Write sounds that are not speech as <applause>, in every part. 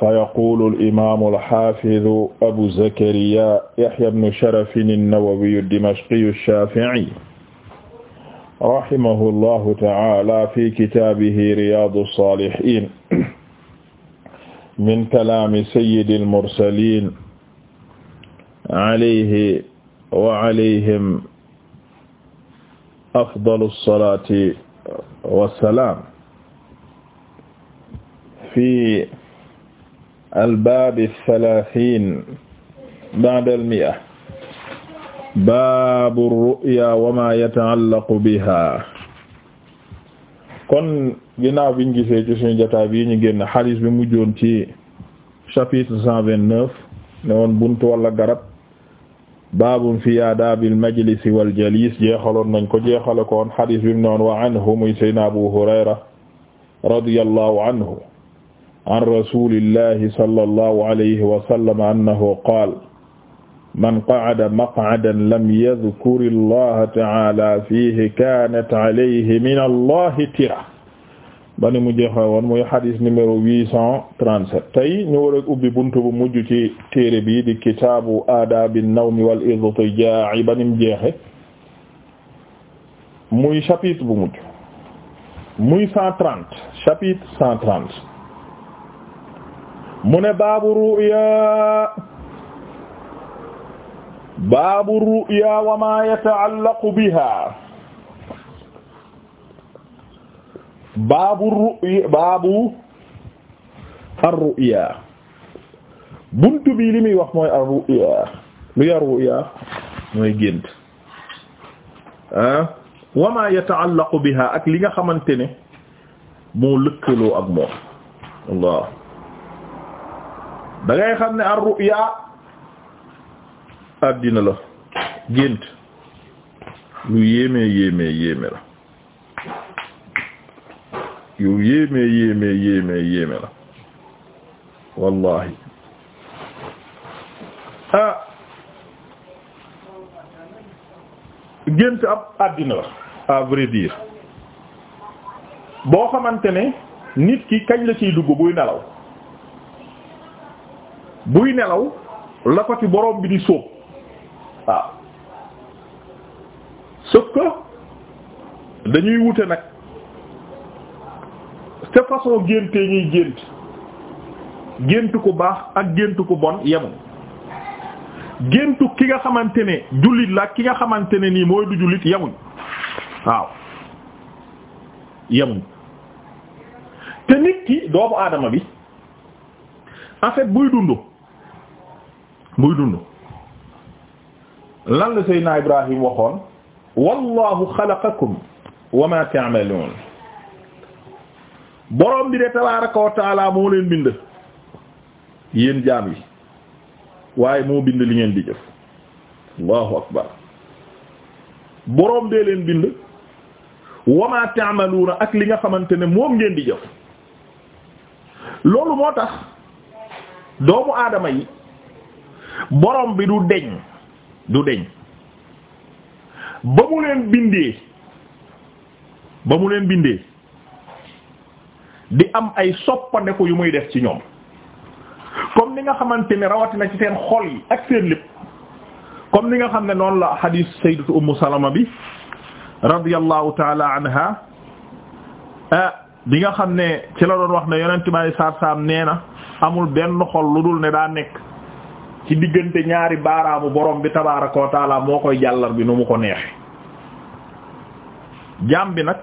fa yaqulu al-imaamu al-haafidu abu zakariyaa yahyaa ibnu sharafin an-nawawiyu ad-dimashqiyu ash-shaafi'i rahimahu llahu ta'aala fi kitaabihi riyaadu as-saalihiin min kalaami sayyidi al-mursaliin alayhi wa alayhim afdalu as-salaati wa as-salaam fi albaabi althalaathiin ba'da almi'a baabu biha kon ginnaaw biñ gisee ci suñu jotaay bi ñu génn xadiis bi mujjoon ci chapitre cent vingt-neuf ne bunt wala garab baabun fi aadaabil majlisi wal jaliis jeexaloon nañ ko jeexale ko woon xadiis bi wa anhu muy sayyidina Abu Hurayra radiyallahu anhu an rasulillahi sallallahu alayhi wa sallam annahu qaala man qa'ada maq'adan lam yadhkuri llaha ta'ala fiihi kaanat alayhi min allahi tira bani mu jeexe woon muy xadis numéro 837 tey ñu war a ubbi buntu bu mujj ci téere bi di kitaabu aadaabi nawmi wal idtijaa'i bani mu jeexe muy chapitre bu mujj muy 130 chapitre 130 mu ne baabu ru'ya baabu ru'ya wa ma yata'allaqu biha baabu ru'ya baabu ar-ru'ya buntu bi li muy wax mooy ar-ru'ya lu ya ru'ya mooy gént ah wa ma yata'allaqu biha ak li nga xamante ne moo lëkkaloo ak moom Allah da ngay xam ne ar-ru'ya àddina la gént lu yéemee yéemee yéeme la yu yéemee yéemee yéemee yéeme la wallahi ah gént ab àddina la à vrai boo xamante ne nit ki kañ la ciy dugg buy nelaw buy nelaw la ko ci borom bi di sóob waaw sauf dañuy wute nag te façon génte ñuy gént gént ku baax ak gént ku bon yemul géntu ki nga xamante ne jullit la ki nga xamante ne nii mooy du jullit yemuñ waaw yemuñ te nit ki doomu aadama bi en fait buy dund muy dund lan la Seydina Ibrahim waxoon wallahu xalaqakum wa ma ta'malun bi de tabaaraka wa moo leen bind yéen jaam yi waaye moo bind li ngeen di jëf allahu akbar borom dee leen bind wa ma ak li nga xamante ne moom ngeen di jëf loolu moo tax doomu aadama yi borom bi du deñ du deñ ba mu leen bindee ba mu leen bindee di am ay soppandeku yu muy def ci ñoom comme ni nga xamante ni rawatina ci seen xol yi ak seen lépp comme ni nga xam ne noonu la hadith sayyidatu ummu salama bi radiyallahu taala anha ah bi nga xam ne ci la doon wax ne yonent bi sallallahu alayhi nee na amul benn xol lu dul ne daa nekk ci diggante ñaari baaraamu borom bi tabaaraka wa moo koy jàllar bi nu mu ko neexe jaam bi nag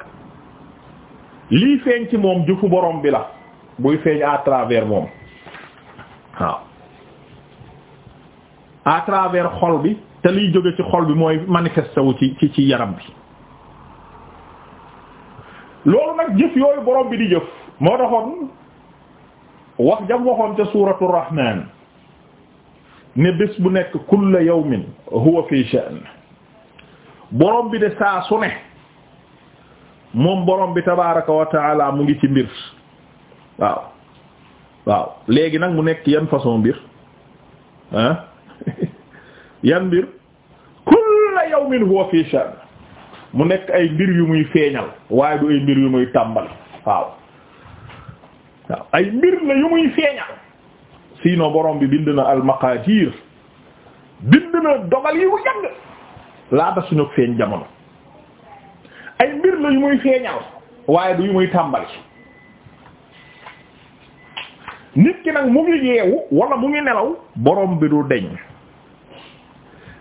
lii feeñ ci moom jëfu borom bi la buy feeñ à travers moom waaw à xol bi te liy jóge ci xol bi mooy manifesté wu ci ci ci yaram bi loolu nag jëf yooyu borom bi di jëf moo taxoon wax jam waxoon ca suuratu rahmaan ne bés bu nekk kulla yawmin huwa fi sha'n borom bi de saa su ne moom boroom bi tabaaraka wa mu ngi ci mbir waaw waaw léegi nag mu nekk yan façon mbir ah <laughs> yan mbir yow yawmin huwa fi sha'n mu nekk ay mbir yu muy feeñal waaye du ay mbir yu muy tàmbali waaw waaw ay mbir la yu muy feeñal sinon borom bi bind na almaqaatiir bind na dogal yi wu yàgg laata suñu feeñ jamono ay mbir la yu muy feeñal waaye du yu muy tàmbali nit ki nag mu ngi yeewu wala mu ngi nelaw borom bi du deñ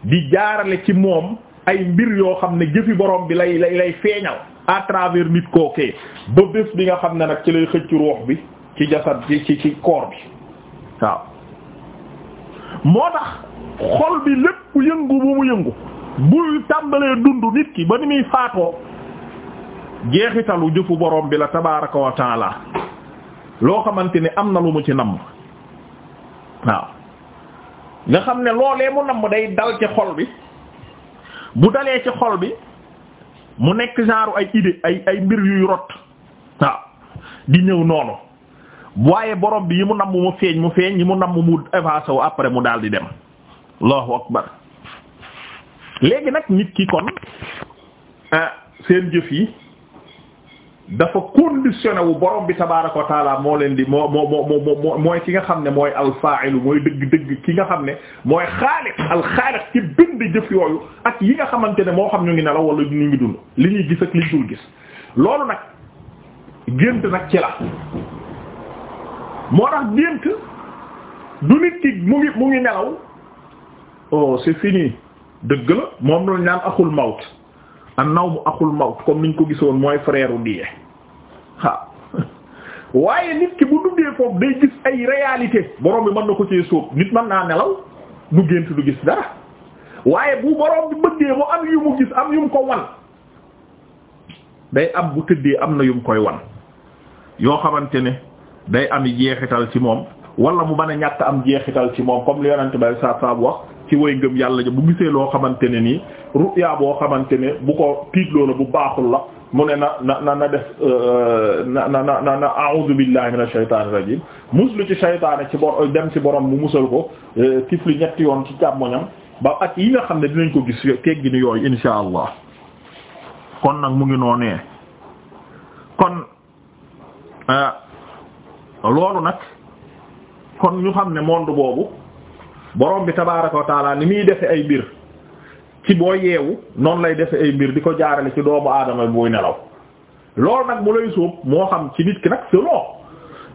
di jaarale ci moom ay mbir yoo xam ne jëfi borom bi lay lay lay feeñal à travers nit kookee ba bés bi nga xam ne nag ci lay xëcc ruux bi ci jasad ci ci ci koor bi waaw moo tax xol bi lépp yëngu bu mu yëngu buy tàmbalee dund nit ki ba ni muy faatoo jeexitalu jëfu borom bi la tabaaraka wa taala loo xamante ni am na lu mu ci namm waaw nga xam ne loolee mu namm day dal ci xol bi bu dalee ci xol bi mu nekk genre ay idée ay ay mbir yuy rot waaw di ñëw noonu waaye boroom bi yi mu nam mu feeñ mu feeñ yi mu namm mu effacé wu après mu daal di dem allahu akbar léegi nag nit ki kon ah, seen jëf yi dafa conditionné wu borom bi tabaaraka wa moo leen di moo moo moo mooy ki nga xam ne mooy alfaailu mooy dëgg-dëgg ki nga xam ne mooy xaaliq alxaaliq ci bind jëf yooyu ak yi nga xamante ne moo xam ñu ngi nelaw wala ñu ngi dund li ñuy gis ak li ñu dul gis loolu nag gént nag ci la moo tax gént du nit ki mu ngi mu ngi nelaw oh c'est fini dëgg la moom la ñaan axul mawt an-nawmu axul mawt comme niñ ko gisoon mooy frère u dee waaw <laughs> waaye nit ki bu duggee foofu day gis ay réalité borom bi mën na ko ci sóob nit mën naa nelaw du gént du gis dara waaye bu borom bi bëggee mu am yu mu gis am yu mu ko wan day am bu tëddee am na yu mu koy wan yoo xamante ne day am jeexital ci moom wala mu mën a ñàkk am jeexital ci moom comme li yonente bay saa saab wax ci way ngëm yàlla ja bu gisee loo xamante ne nii ruyaa boo xamante ne bu ko loo la bu baaxul la mu ne na na na na def euh, na na na na a'udhu billahi minash shaytanir rajim lu ci shaytaane ci bor dem ci borom mu musal ko euh, tifli ñetti yoon ci càmmoñam ba ak yi nga xam ne dinañ ko gis tegginu yooyu insha allah kon nag mu ngi noonee kon euh, loolu nag kon ñu xam ne monde boobu borom bi tabaaraka wa ni muy defe ay mbir ci boo yeewu noonu lay defe ay mbir di ko jaarale ci doomu aadama buy nelaw loolu nag mu lay sóob moo xam ci nit ki nag selon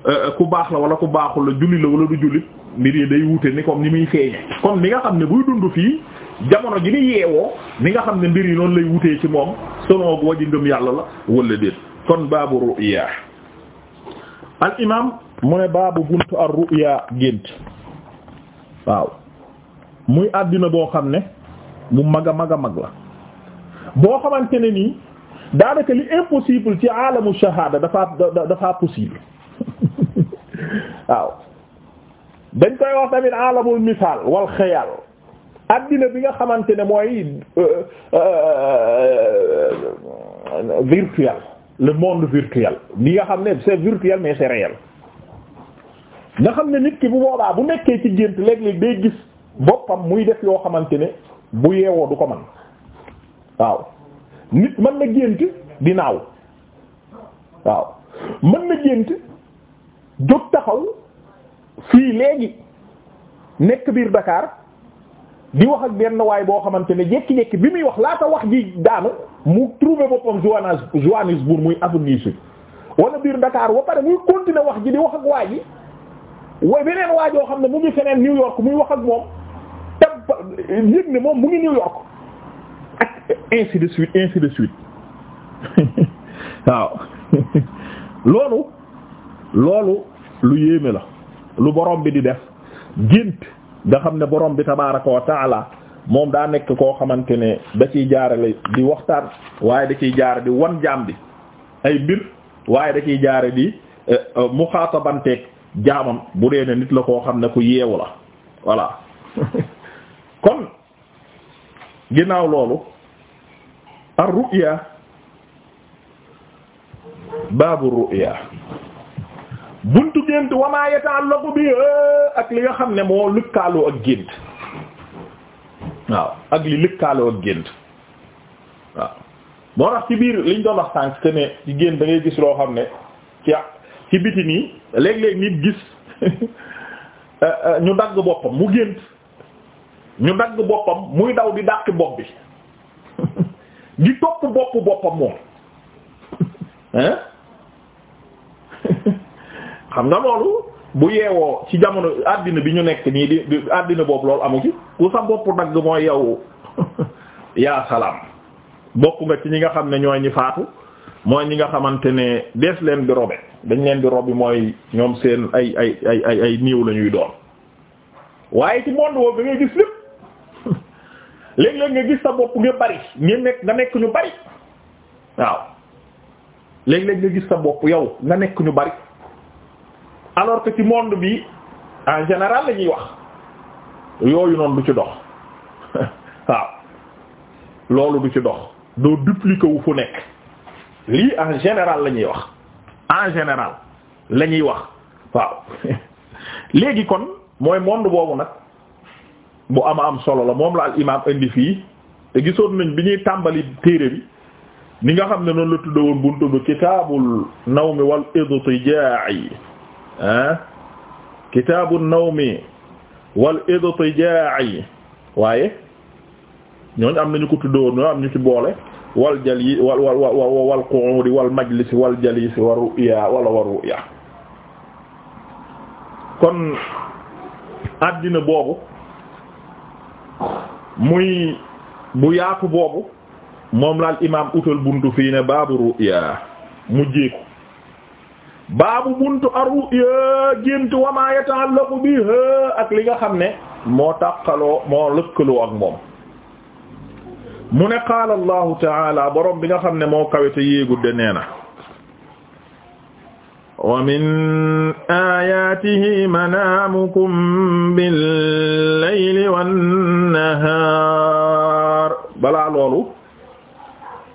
euh, ku baax la wala ku baaxul la julli la wala du jullit mbir yi day wute ni comme ni muy feeñe comme ni nga xam ne buy dund fii jamono ji ni yeewoo ni nga xam ne mbir yi noonu lay wutee ci moom selon boo ji ngëm yàlla la wala déet kon baabu al imam mu ne baabu buntu ar ru'ya gént waaw muy àddina boo xam ne mu mag a mag a mag la boo xamante ne nii daanaka li impossible ci alamu shahada dafa dafa possible <laughs> waaw dañ koy wax tamit alamul misaal wal xayal àddina bi nga xamante ne mooy euh, euh, euh, virtuel le monde virtuel bi nga xam ne se virtuel mais c'est réel nga xam ne nit ki bu boobaa bu nekkee ci gént léeg-léeg day gis boppam muy def yoo xamante ne bu yeewoo du ko man waaw nit mën na gént di naaw waaw mën na gént jóg taxaw fii léegi nekk biir Dakar di wax ak benn waay boo xamante ne jékki-jékki bi muy wax laata wax ji daanu mu trouvé boppam Johannesburg Johannesburg muy avenue sud wala biir Dakar ba pare muy continuer wax ji di wax ak waa ji way beneen waa joo xam ne mu ngi feneen New York muy wax ak moom tab yëg ne moom mu ngi New York ak ainsi de suite ainsi de suite <laughs> waaw <laughs> loolu loolu lu yéeme la lu borom bi di def gént nga xam ne borom bi tabaaraka wa taala moom daa nekk koo xamante ne da ciy jaarale di waxtaan waaye da ciy jaare di wan jaam bi ay mbir waaye da ciy jaare di eh, eh, muxaatabanteeg jaamam bu dee ne nit la koo xam ne ku yeewu la voilà <laughs> kon ginnaaw loolu ar ru'ya baabu ru'ya gént wamaa yata'allaqu bi ak li nga xam ne moo lëkkaaloo ak gént waaw ak li lëkkaaloo ak gént waaw moo ci biir liñ doon wax sànq que ne ci gént da gis loo xam ne ci ci biti nii léeg-léeg nit gis <laughs> ñu dagg boppam mu gént ñu dagg boppam muy daw di dàqi bopp bi <laughs> di topp bopp boppam moom <laughs> hein xam nga loolu bu yeewoo ci jamono àddina bi ñu nekk nii di àddina boobu loolu amu ci ku sa bopp dagg mooy yow <laughs> yaa salaam bokk nga ci ñi nga xam ne ñooy ñi faatu mooy ñi nga xamante ne des leen di robe dañ leen di robi mooy ñoom seen ay ay ay ay ay niiw la ñuy waaye ci monde boobu da gis lépp <laughs> léeg-léeg nga gis sa bopp nga bari nga nekk nga ñu bari waaw léegi léeg nga gis sa bopp yow nga nekk ñu bari alors que ci monde bi en général la ñuy wax yooyu noonu du ci dox <laughs> waaw loolu du ci dox doo dupliquer wu fu nekk lii en général la ñuy wax en général la ñuy wax waaw <laughs> léegi kon mooy monde boobu nag bu ama am solo la moom la al imaam indi fii te gisoon nañ bi ñuy tàmbali téere bi ni nga xam ne noonu la tuddawoon buntu bi kitaabul mi wal idtijaa'i ah kitaabu nawmi wal idtijaa'i waaye ñooñu am nañu ko tuddoon ñoo am ñu ci boole wal jali wal wal wal wal qu'udi wal majlisi wal jalisi wa ru'ya wala wa ru'ya kon àddina boobu muy bu yaatu boobu moom laal imaam utal buntu fii ne baabu ru'ya mujjeeku baabu buntu ar-ru'ya gént wa ma yata'allaqu biha ak li nga xam ne moo tàqaloo moo lëkkaloo ak moom mu ne qaala allahu taala borom bi nga xam ne moo kawete yéegudde nee na wa min ayatihi manaamukum bil-layli wan balaa loolu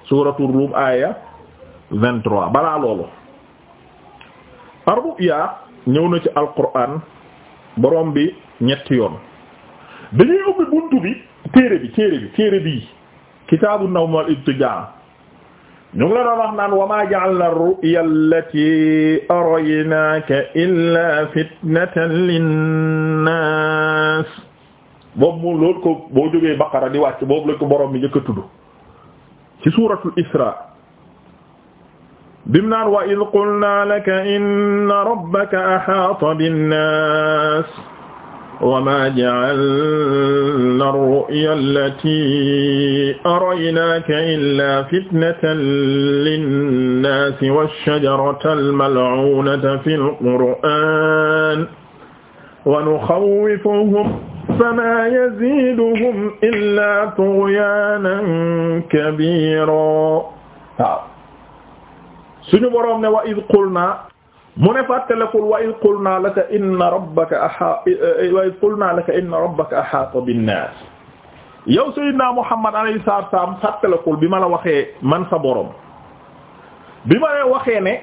suuratu Rum aaya balaa loolu ar-ru'ya ñëw na ci alquran borom bi ñetti yoon dañuy ubbi buntu bi téere bi téere bi téere bi kitaabu nawm wal ibtijaa ñu ngi la doon wax naan wa maa ja'alna ar-ru'ya allati araynaaka illaa fitnatan linnaas boobu moom loolu ko boo jógee baqara di wàcc boobu la ko borom bi njëkk a tudd ci suuratul isra bim naan wa id qulna laka inna rabbaka axaata binnaas wa ma ja'alna ar-ru'ya allati araynaka illa fitnatan linnaasi wash-shajarata al-mal'uunata fil qur'aan wa nuxawwifuhum famaa yaziiduhum illaa tughyaanan kabiiraa suñu boroom ne wa id qulna mu ne fàttalekul wa id qulna laka inna rabbaka ahaata wa id qulna laka inna rabbaka ahaata binnaas yow sayyidina Muhammad alayhi salaatu wa salaam fàttalekul bi ma la waxee man sa boroom bi ma la waxee ne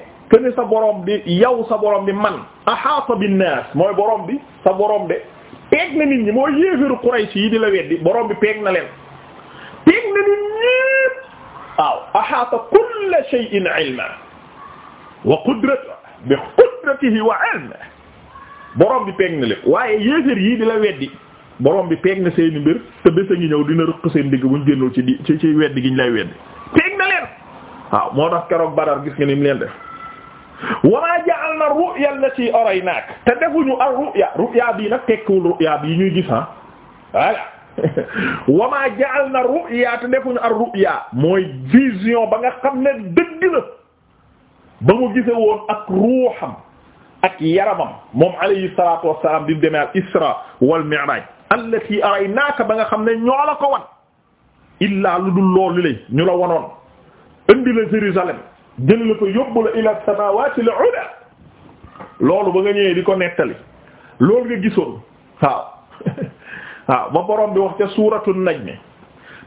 sa borom bi yow sa boroom bi man ahaata binnaas mooy boroom bi sa boroom de peeg na ñi mooy yéeféeru Quraysh yi di la weddi boroom bi peeg na leen peeg na nit ñépp waaw ahaata kulla shay'in wa qudrat bi qudratihi wa ilmi borom bi peeg na lépp waaye yéefér yii di la weddi borom bi peeg na seeni mbir te bés a ngi ñëw dina rëq seen digg buñ génnul ci di ci ci weddi gi ñu lay weddi peeg na leen waaw moo tax keroog Badar gis nga ni mu leen def wamaa ja'alna ar-ru'ya allati araynaak te defuñu ar-ru'ya ru'ya bii nag tekkiwul ru'ya bii ñuy gis ah voilà <laughs> wamaa ja'alna ar-ru'ya te defuñu ar-ru'ya mooy vision ba nga xam ne dëgg la ba mu gise woon ak ruuxam ak yaramam moom alayhi salatu wassalam bi demee al isra wal mi'raj allati araynaaka ba nga xam ne ñoo la ko wan illaa lu dul loolu lay ñu la wanoon indi ko yóbbu la ila samawati ba nga ñëwee di ko nettali loolu nga gisoon waaw <laughs> borom bi wax ca suuratu najm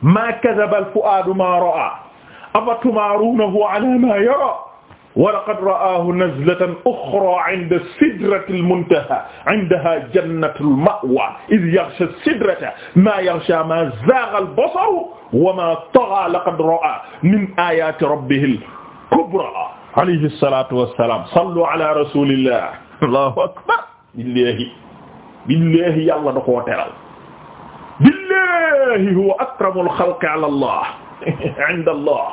ma kadhaba al fu'aadu ma ra'a afa tumaaruunahu ala ma yara wa laqad ra'aahu nazlatan uxraa inda sidratil muntahaa indahaa jannatul ma'waa iz yaxshaa sidrata maa yaxshaa maa zaagal basaru wa maa tagaa laqad ra'aa min aayaati rabbihil kubraa alayhi salaatu wa salaam. sallu alaa rasuulillah. Allahu akbar. billaahi billaahi yàlla da koo teral. billaahi huwa akramul xalqi alaa Allah <laughs> inda Allah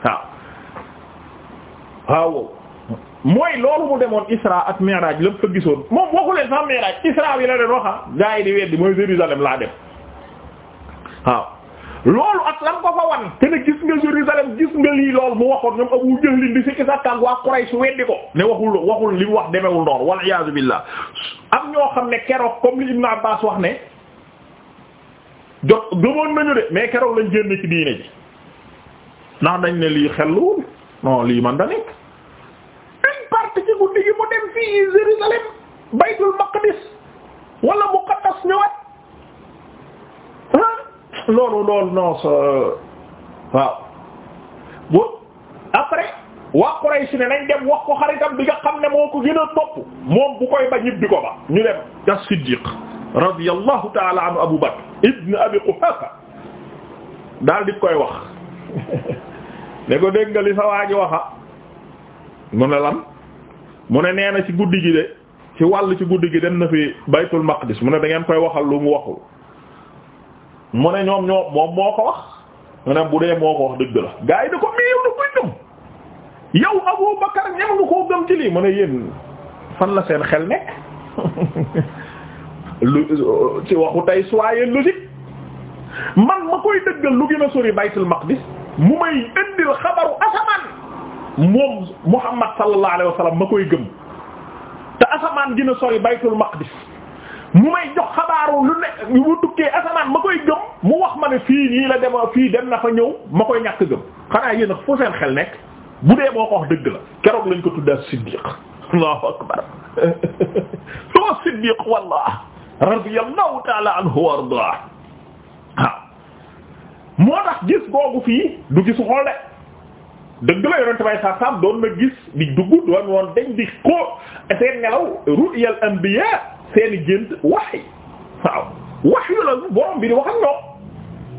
waaw. waaw mooy loolu mu demoon Isra ak Mi'raj la fa gisoon moom waxu leen sax Mi'raj bi la leen wax ah. gaa yi di weddi mooy Jérusalem laa dem waaw loolu ak lan ko fa wan te ne gis nga Jérusalem gis nga lii loolu mu waxoon ñoom Abu Jahl di sikki sàkkaak waa Quraysh weddi ko ne waxul waxul li mu wax demewul noonu wal iyaazu billah am ñoo xam ne keroog comme li Ibn Abbas wax ne jot gëmoon nañu de mais keroog lañ génn ci diine ji ndax dañ ne lii xelluwul non lii man da nekk une partie ci guddi gi mu dem fii Jérusalem baytul maqdis wala muqaddas ñëwaat ah loolu loolu non sa waaw après waa Quraysh ne nañ dem wax ko xaritam bi nga xam ne moo ko gën a topp moom bu koy ba ñibbi ko ba ñu dem Siddiq radiyallahu ta'ala anhu Abu Bakr ibn Abi Quhafa daal di koy wax <laughs> ne ko dégg nga li sa waa ji waxa mu ne lan mu ne nee na ci guddi gi de ci wàll ci guddi gi dem na fi baytul maqdis mu ne da ngeen koy waxal lu mu waxul mu ne ñoom ñoo moom moo ko wax mu ne bu dee moo ko wax dëgg la gaa yi da ko miiw na koy gëm lii mu ne yéen fan la seen xel nekk <laughs> lu ci waxu tey soyez logique man ma koy dëggal lu gën a sori baytul maqdis mu may indil xabaru asamaan moom Muhammad sallallahu alayhi wa ma koy gëm te asamaan dina sori baytul maqdis mu may jox xabaaru lu ne mu tukkee asamaan ma koy gëm mu wax ma ne fii nii la dema fii dem na fa ñëw ma koy ñàkk gëm xanaa yéen a fu seen xel nekk bu dee moo ko wax dëgg la keroog lañ ko tudda siddiq allahu akbar soo <laughs> siddiq wallah radiyallahu ta'ala anhu wa ardaah moo tax gis googu fii du gisu xol de dëgg la yonent bay sa sam doon na gis di dugg doon woon dañ di xoo seen nelaw ru'yal anbiya seeni gént wax ak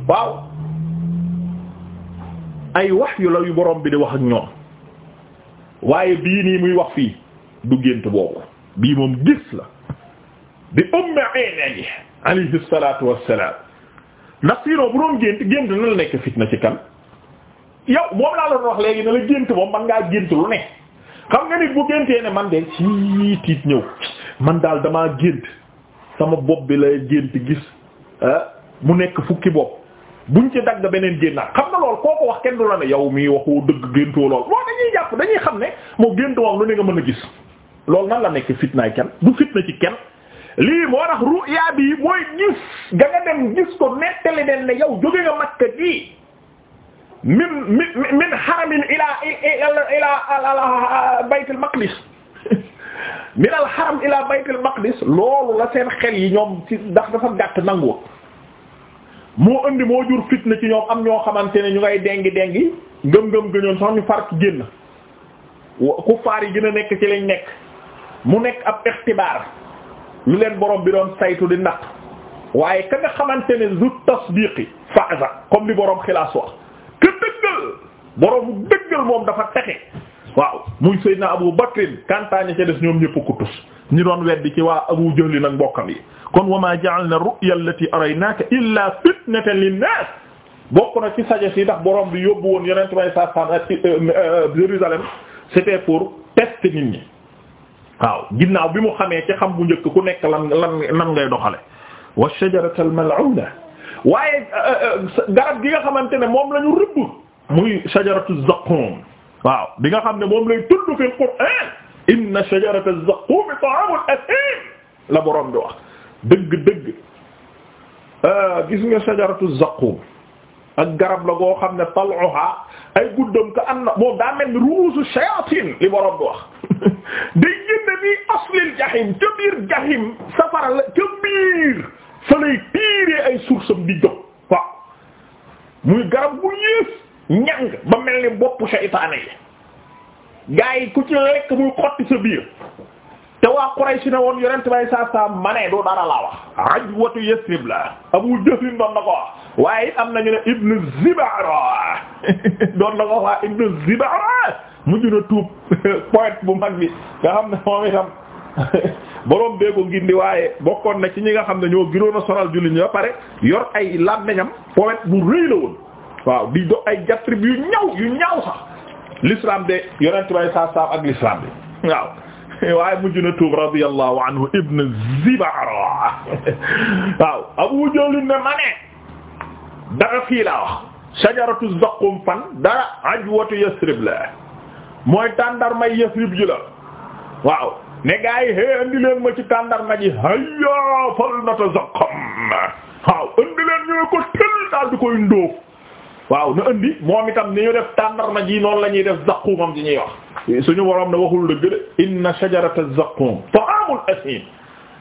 waaw ay waxyu la yu borom bi di wax ak ñoom waaye bii nii muy wax fii du gént boobu bii moom gis la di umm ayna yi alayhi salatu wassalam ndax sinon bu doon gént gént na la nekk fitna ci kan yow moom laa la doon wax léegi ne la gént moom man ngaa gént lu ne xam nga nit bu géntee ne man de sii tiit ñëw man daal damaa gént sama bopp bi lay gént gis ah, mu nekk fukki bopp buñ ci dagg beneen génnaat xam na lool koo ko wax kenn du la ne yow mii waxoo dëgg géntoo lool moo dañuy jàpp dañuy xam ne moo gént moom lu ne nga mën a gis loolu nan la nekk fitnaay kenn du fitna ci kenn lii moo tax ruyaa bi mooy gis ga nga dem gis ko nettali den ne yow jóge nga Makka gi min min min haramin ilaa ilaa baytul maqdis <laughs> min al haram ilaa baytul maqdis loolu la seen xel yi ñoom ci ndax dafa gàtt nangu moo indi moo jur fitna ci ñoom am ñoo xamante ne ñu ngay dengi dengi ngëm ngëm gëñoon sax ñu far ci génn ku faar yi gën a nekk ci lañ nekk mu nekk ab ixtibaar lu leen boroom bi doon saytu di natt waaye ka nga xamante ne du tasdiqi faaza comme li borom xilaas wax ka dëggal borom dëggal moom dafa texe waaw muy Seydina Abu Bakrin kantaane ca des ñoom ñëpp ku tus doon weddi ci waa Abu Jahl nag mbokkam yi kon wa ma ja'alna ru'ya allati araynaka illa fitnatan lin-nas bokk na ci sagesse si ndax boroom bi yóbbu woon yeneen bay sa san Jérusalem c'était pour tester nit ñi waaw ginnaaw bi mu xamee ci xam bu njëkk ku nekk lan lan nan ngay doxale wa shajarata al mal'una waaye euh, euh, garab gi nga xamante ne moom la ñu rëbb muy shajaratu zaqum waaw bi nga xam ne moom lay tudd fi al qur'an inna shajarata zaqum ta'amul athim la borom bi wax dëgg dëgg euh, gis nga shajaratu zaqum ak garab la goo xam ne tal'uha ay guddam ka anna moom daa mel ni shayatin li borom bi wax day génne nii aslil jahim ca biir jahim safara la ca biir lay tiiree ay source am di jox muy garab bu yées ñàng ba mel ni boppu saytaane yi gaa yi ku ci lekk muy xotti sa biir te waa Quraysh ne woon yonent bay saa saa manee doo dara wax ajwatu Yasrib la Abu Jahl doon na ko wax waaye it am nañu ne Ibn Zibara <laughs> doon na ko wax Ibn Zibara mujj na tuub <laughs> poète bu mag bi nga xam ne moom itam <laughs> boroom bee ko gindi waaye bokkoon na ci ñi nga xam ne ñoo gënoon a sonal jullit ñi ba pare yor ay làmmiñam poète bu rëy la woon waaw di do ay diatribe yu ñaw yu ñaaw sax l'islam de yonent bay saa saam ak l'islam bi waaw <laughs> waaye mujj tuub radiyallahu ibn Zibara waaw Abu Jahl ne ma ne dara fii laa wax shajaratu zaqum fan dara ajwatu Yasrib la mooy tàndarma yasrib ji la waaw ne gaa hee andi ma ci tàndarma ji hayya fal natazaqam waaw andi leen ñu ko tël daal di koy ndóof waaw na andi moom itam ni ñu def tàndarma ji noonu la ñuy def zaqumam ji ñuy wax suñu waroom ne waxul dëgg de inna shajarata zaqum ta'amul asim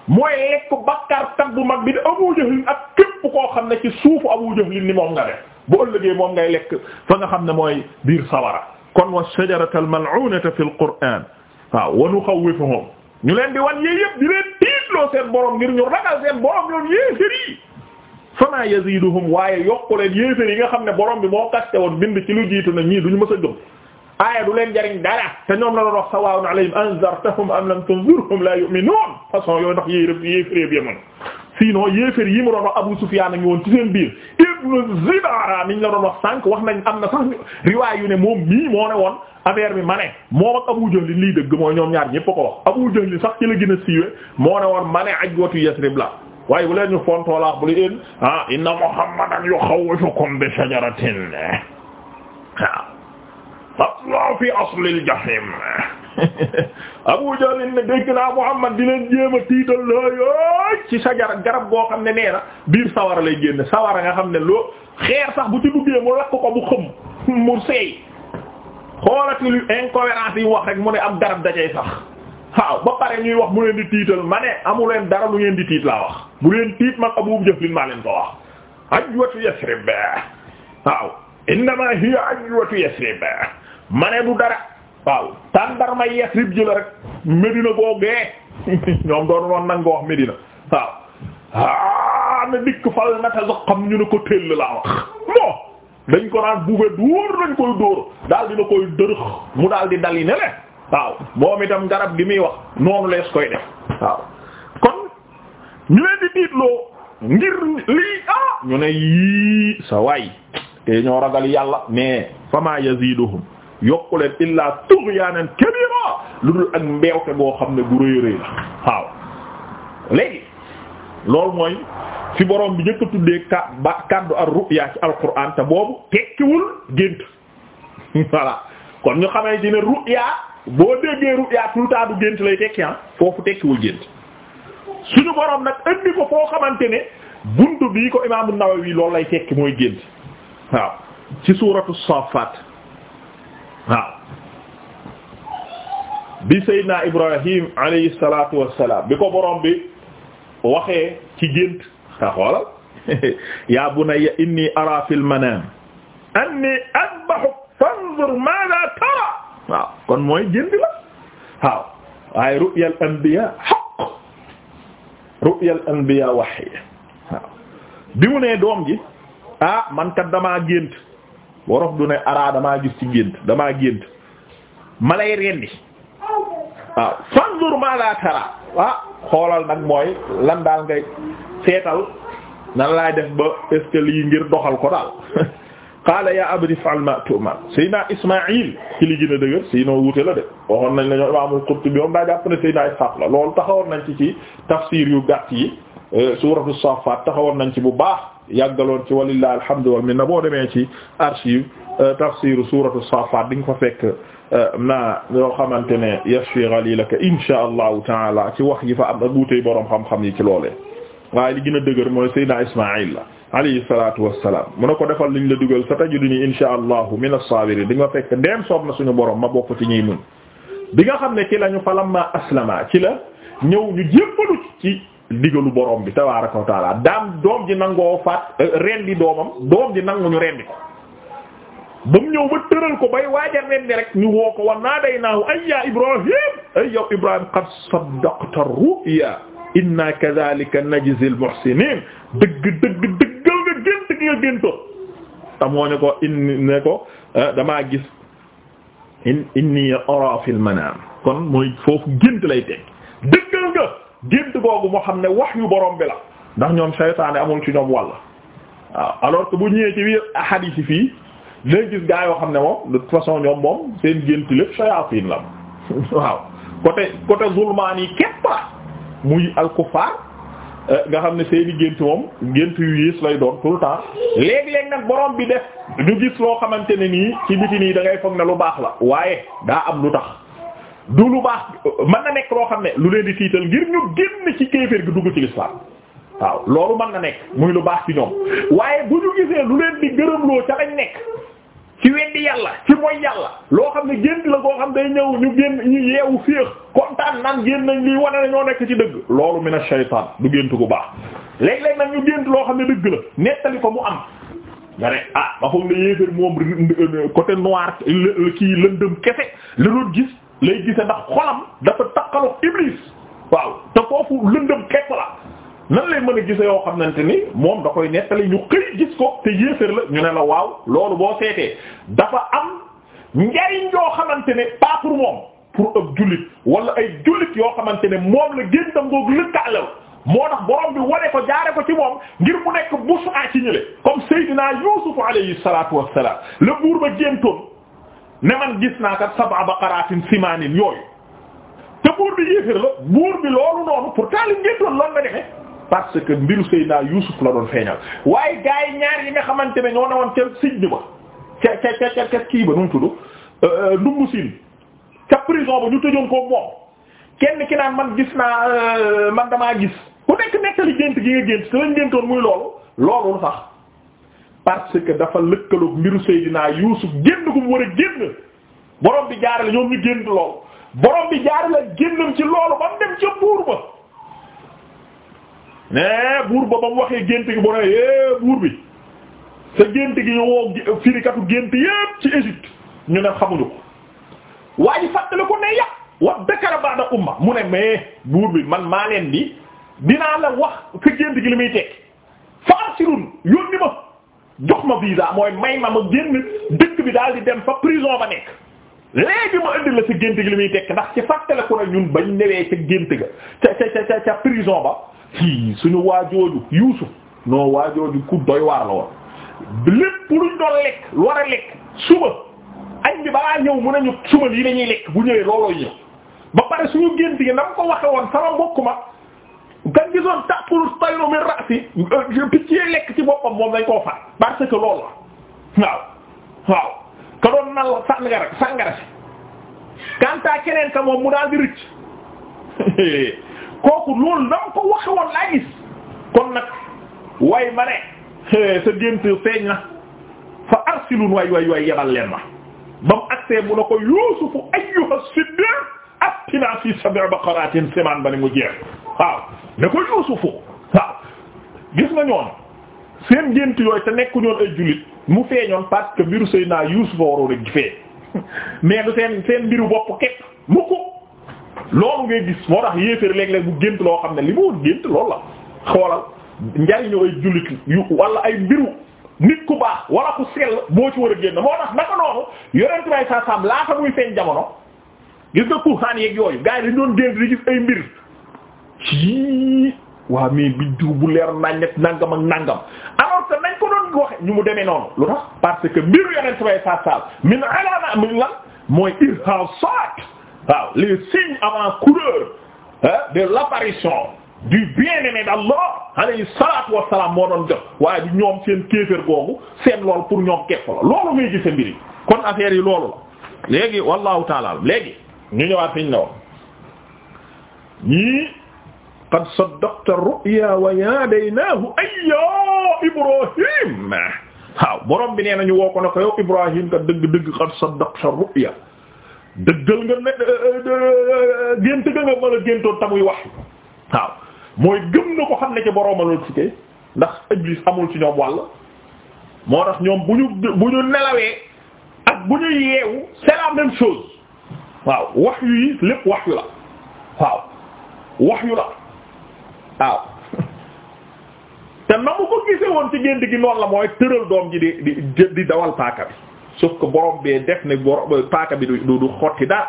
mooy lekk bakkar tab bu mag bi de Abu Jahl ak képp koo xam ne ci suufu Abu Jahl ni moom nga def bu ëllëgee moom ngay lekk fa nga xam ne mooy biir sawara kon wa shajarata al-mal'unata fi al-Qur'an waaw wa nuxawwifuhum ñu leen di wan yéen seen borom ngir ñu ragal seen borom ñoom yéefar yi fama yaziduhum waaye yokku leen yéefar yi nga xam ne borom bi moo kaste woon bind ci lu jiitu na ñii duñu mës a gëm du leen jariñ dara te ñoom la doon wax sawaa'un alayhim am lam tunzirhum la yu'minun façon sinon yéefér yi mu doon wax Abu Sufyaan a ngi woon ci seen biir ibnu Zibara niñ la doon wax sànq wax nañ am na sax riwaay yu ne moom mii moo ne woon affaire bi ma moo moom ak Abu Jahl lii dëgg mooy ñoom ñaar ñépp ko wax Abu Jahl sax ci la gën a siiwee moo ne woon ma ajwatu Yasrib la waaye wu leen ñu fontoolaax bu leen ah inna Muhammadan yukhawwifukum bi shajaratin waaw fi aslil jahim <laughs> Abu Jahl ne dégg naa Muhammad di leen jéem a tiital looy ci sajar garab goo xam ne nee na biir sawara lay génne sawara nga xam ne loo xeer sax bu ci duggee mu lakk ko bu xëm <laughs> mu seey xoolati lu incohérence yi wax rek mu ne am garab dajay sax waaw ba pare ñuy wax mu leen di tiital ma ne amu leen dara lu ngeen di tiit laa wax bu leen tiit man Abu Jahl maa leen ko wax ajwatu Yasrib waaw innama hiya ajwatu Yasrib ma ne du waaw tàndarma Yasrib ji la rek Medina googee <laughs> ñoom doon woon nag wax Medina waaw ah na dikk fal nata so xam ñu ne ko tell laa wax dañ ko naan bufe dóor dañ koy dóor daal dina koy moom itam garab gi muy wax noonu lees koy def waaw kon ñu leen di diitloo ngir lii ah ñu ne yii sa waay te ñoo ragal yàlla mais fama yaziduhum yokku leen illaa tughyanan kabira lu dul ak mbeewte boo xam ne bu rëy rëy la waaw léegi loolu mooy fi borom bi njëkk a tuddee ka ba ruya ci alquran te boobu tekkiwul gént <laughs> voilà kon ñu xamee ci ne ru'ya boo déggee ru'ya tout le gént lay tekki ah foofu tekkiwul gént suñu borom nag indi ko foo xamante ne bunt bi ko imaamu Nawawi loolu lay tekki mooy gént waaw ci suuratu Saffaat waaw bi Seydina Ibrahim alayhi salaatu wassalaam bi ko borom bi waxee ci gént ta ah, xoolal <laughs> yaa bunayya inni ara fil manaam anni adbahuk fanzur maadha tara waaw kon mooy gént la waaw waaye ru'yal anbiya haqq ru'yal anbiya wahyi waaw bi mu nee doom ji ah man kat damaa gént worof du ne araa damaa gis ci gént damaa gént ma lay rendi waaw fanzur maa laa tara ah xoolal nag mooy lan daal nga seetal nan laay def ba est-ce ngir doxal ko daal <laughs> qaala ya abdi fa'al ma tu'mar Seydina Ismaïl ci li gën a dëgër sinon wuute la de waxoon nañ la ñoo Imaamul Qurtubi moom daa jàpp ne Seydina Ishaq la loolu taxawoon nañ ci ci tafsir yu gàtt yi eh, suuratu Saffaat taxawoon nañ ci bu baax yàggaloon ci walilah alhamdu mi minna boo demee ci archive euh, tafsir suratu safat di nga fa fekk euh, na yoo xamante ne yashfi ghalilaka insha allahu taala ci wax yi fa am ak wuutey boroom xam-xam yi ci loolee waaye li gi a dëgër mooy sayyidina ismail la alayhi salatu wassalam mu na ko defal liñ la dugal sa tajiduni insha allahu min as-sabirin di nga fekk ndeem soob na ñu borom ma bokk ci ñuy muñ bi nga xam ne ci lañu falamma aslama ci la ñëw ñu jéppalu ci digalu borom bi tabaaraka wa taala daam doom ji nangoo faat euh, rendi doomam doom ji nanguñu rendi ko ba mu ñëw ba tëral ko bay waaja rendi rek ñu woo ko wa naadaynaahu ay ya ibrahim ay yow ibrahim qad saddaqta ru'ya inna kadhalika najzi al-muhsinin dëgg dëgg dëggal nga gént gi nga géntoon tamoo ne ko inni ne ko ah, damaa gis in inni ara fil manam kon mooy foofu gént lay teg dëggal nga gént googu moo xam ne wax yu boroom bi la ndax ñoom saytaane amul ci ñoom wàll waaw alors que bu ñëwee ci biir hadith yi fii dinañ gis gaa yoo xam ne moom de toute façon ñoom moom seen gént lépp sayaatin la <laughs> waaw côté côté zulmaan yi képp la muy alkufaar euh, nga xam ne seeni gént moom gént yu yées lay doon tout temps léeg-léeg nag borom bi def ñu gis loo xamante ne nii ci biti nii da ngay foog na lu baax la waaye daa am lu tax du lu baax mën na nekk loo xam ne lu leen di tiital ngir ñu génn ci kéeféer gi dugg ci lislaam waaw loolu mën na nekk muy lu baax ci ñoom waaye bu ñu gisee lu leen di gërëmloo ca lañ nekk ci weddi yàlla ci mooy yàlla loo xam ne gént la ko xam day ñëw ñu génn ñu yeewu féex kontaan naan génn nañ lii wane na ñoo nekk ci dëgg loolu mina shaytaan du gént gu baax léeg-léeg nag ñu gént loo xam ne dëgg la nettali ko mu am nga ne ah ma foog ne yéeféer moom coté noir kii lëndëm kese la doon gis lay gise ndax xolam dafa takkaloo iblis waaw te foofu lëndëm kepp la nan lay mën a gise yoo xamante ni moom da koy nettali ñu xëy gis ko te yéeféer la ñu ne la waaw loolu boo seetee dafa am njariñ yoo xamante ne pas pour moom pour ab jullit wala ay jullit yoo xamante ne moom la gén dangoog lëkkaale moo tax borom bi wane ko jaare ko ci moom ngir mu nekk busu a ci ñële comme Seydina Yuusuf alayhi salatu wassalam le buur ba géntoon ne man gis naa kat sab'a baqaraatin simaanin yooyu te buur bi yéeféer la buur bi loolu noonu pourtant li ngeen doon loolu la defee parce que mbiru Seydina Yuusuf la doon feeñal waaye gars yi ñaar yi nga xamante ne ñoo ne woon ca sijj ba ca ca ca ca kii ba nu mu tudd euh, ndumbu siin ca prison ba ñu tëjoon ko moom kenn ki naan man gis naa euh, man damaa gis ku nekk nettali gént gi nga gént te lañ géntoon muy loolu loolu sax parce que dafa lëkkaloog mbiru Seydina Yuusuf génn ko mu war a génn boroom bi jaarale ñoom ñu génn lool boroom bi jaarale génnam ci loolu ba mu dem ca buur ba mais eh, buur waxee gént gi bu ne eh, bi sa gént gi ñu gént ci Égypte ñu ne xamuñu ko waaye fàttali mu ne mais buur bi man maa leen di dinaa la wax sa gént gi li muy teg faasirun yónni ma. jox ma visa mooy may ma ma génn dëkk bi daal di dem fa prison ba nekk léegi ma indi la sa gént gi li muy tekk ndax ci fàttaliku na ñun bañ newee ca gént ga ca ca ca prison ba fii suñu waajooju Yuusuf non waajooju ku doy waar la woon lépp luñ doon lekk lu war a lekk suba añ bi balaa ñëw mën nañu suba lii dañuy lekk bu ñëwee looloo ñëw ba pare suñu gént gi na ko waxe woon sama mbokk ma kan gisoon taqulu tayru min ra'si euh, picc yi lekk ci boppam moom dañ koo faat parce que loolu la waaw waaw ka doon nal sàngara sàngara si keneen ka moom mu daal di rëcc <laughs> kooku lool dama ko waxe woon laa gis kon nag way ma ne <laughs> sa gént feeñ na fa arsilun waay waay waay yebal leen ma ba mu agsee mu ne ko yuusufu ayyuha siddiq attinaa fii sab'i baqaratin siman ba ni mu jeex waaw ne ko Yuusufu waaw gis nga ñoom seen gént yooyu te nekku ñoon ay jullit mu feeñoon parce que mbiru Seydina Yuusufa waroon a fee <laughs> mais du seen seen mbiru bopp képp mu ko loolu ngay gis moo tax yéeféer léeg-léeg gént loo xam ne li mu woon gént loolu la xoolal njariñu ay jullit yu wala ay mbiru nit ku baax wala ku sell boo ci war a génn moo tax naka noonu yoreentu may sa sam laata muy feeñ jamono gis nga kursaan yeeg yooyu gars yi dañ doon gént di gis ay mbir ci waa mais biddiw bu leer naññet nangam ak nangam alors que nañ ko doon waxe ñu mu demee noonu lu tax parce que mbir yoneen sabay sa sal min alaama min lan mooy irhasat waaw les signes avant-coureurs de l'apparition du bien-aimé d'Allah alayhi salatu wassalam moo doon jot waaye bi ñoom seen kéefër googu seen lool pour ñoom kepp la loolu ngay gise mbiri kon affaire yi loolu la léegi wallahu léegi ñu ñëwaat fiñ ne woon ñii qad saddaqta ru'ya wa yadaynaahu ayya Ibrahim waaw borom bi nee nañu woo ko ne ko yow Ibrahim kat dëgg-dëgg qad saddaqta ru'ya dëggal nga ne euh, euh, euh, gént ga nga mën géntoon tamuy wax waaw mooy gëm na ko xam ne ci boroomalol si ndax Iblis amul ci ñoom wàll moo tax ñoom bu ñu bu ñu nelawee ak bu ñu yeewu c'est la même chose waaw wax yu yi lépp wax yu la waaw wax yu la waaw <laughs> te na mu ko gise woon ci gént gi noonu la mooy tëral doom ji di di dawal paaka bi sauf que borom bee def ne borom bi du du xotti daal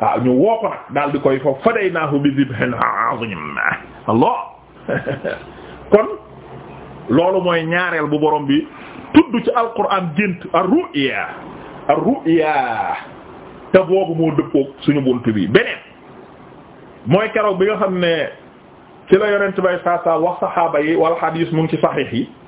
waaw ñu wooko ko nag daal di koy fa fadaynaahu bi dibhin azim Allah <laughs> kon loolu mooy ñaareel bu borom bi tudd ci alquran gént ar-ru'ya ar-ru'ya te boobu moo dëppoog suñu bunt bi beneen mooy keroog bi nga xam ne ci la yonent bay saa saa wax saxaaba yi wal xadiis mu ngi ci saxiix yi